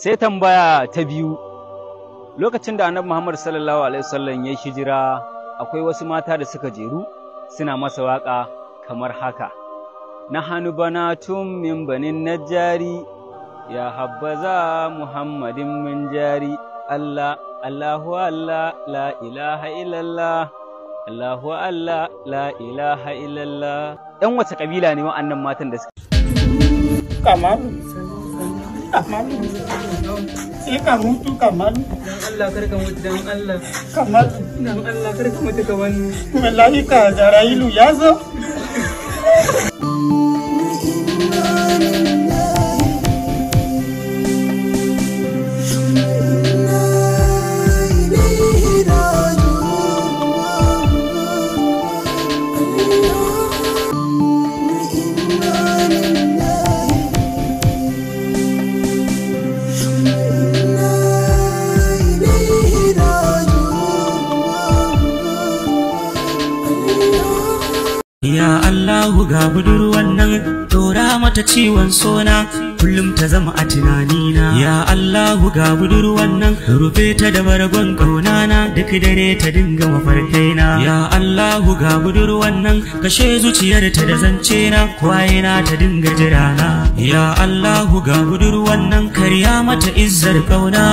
sai tambaya ta biyu lokacin da annabi muhammad sallallahu alaihi wasallam ya hijira akwai wasu mata da suka jeru suna masa waƙa kamar haka na hannu bana tun min banin najari ya habbaza muhammadin min jari allah allahu allah la ilaha illallah allahu allah la ilaha illallah ɗan wace ƙabila ne wa'annan matan da suke kamaru kamalu kamalu kamalu Allah karka mutu dan Allah kamalu dan Allah karka mutu ka wani wallahi ka Jara'ilu ya zo Ya Allahu ga budurwan nan tora mata ciwon sona kullum ta zama a tunanina ya Allahu ga budurwan nan rufe ta da bargon kaunana duk dare ta dinga mafarkaina ya Allahu ga budurwan nan kashe zuciyar ta da zance na na ta dinga jirana ya Allahu ga budurwan nan karya mata izzar kauna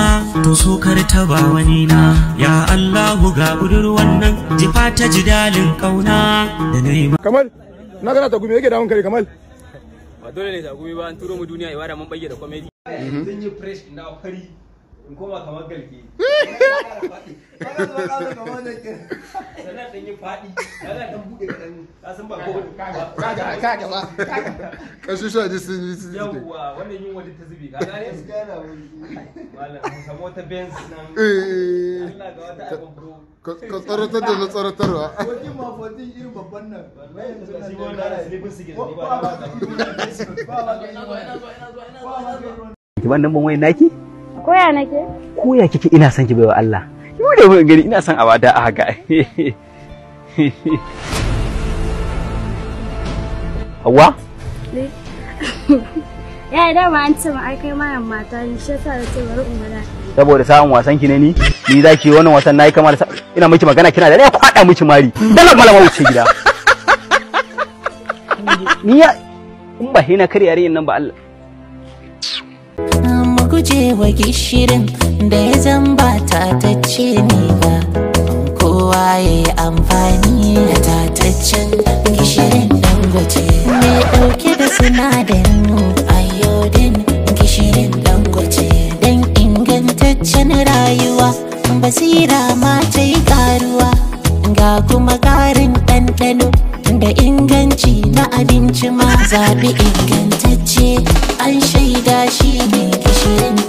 to sukar ta ba wani na ya Allahu ga budurwan nan jifa ta jidalin kauna da nayi na gana ta gumi yake da kare kamal ba dole ne takumi ba an turo mu duniya iwada mun bayyana comedy zan mhm. yi fresh ina fari in koma kamar galke dan yi faɗi dan ka san ba kaga kaga ba kashi ji sun yi wannan yin wani ta zubi ka su gana malam benz nan eh, eh, eh. Allah ga wata abin ka tsaratar da na tsaratarwa wajen mafotin irin babban nan ba yanzu na shi wannan silibin su gizo ba ba ba ki ban nan wai naki koya nake koya kike ina son ki baiwa Allah da gani ina son abada a haka Hawa? Eh. Ya yi dama an ce ai kai mayan mata ne shi yasa da ce bari in gada. Saboda samun wasan ki ne ni, ni za ki wannan wasan na nayi kamar ina miki magana kina da ya kwaɗa miki mari. Dala malama wuce gida. Ni ya in ba hina kar yarin nan ba Allah. Mu guje wa gishirin da ya zamba ta tace ne ba. sinadarin ayodin gishirin dangote don ingantaccen rayuwa basira ma ta yi karuwa ga kuma karin ɗanɗano da inganci na abinci ma zaɓi ingantacce an shaida shi ne gishirin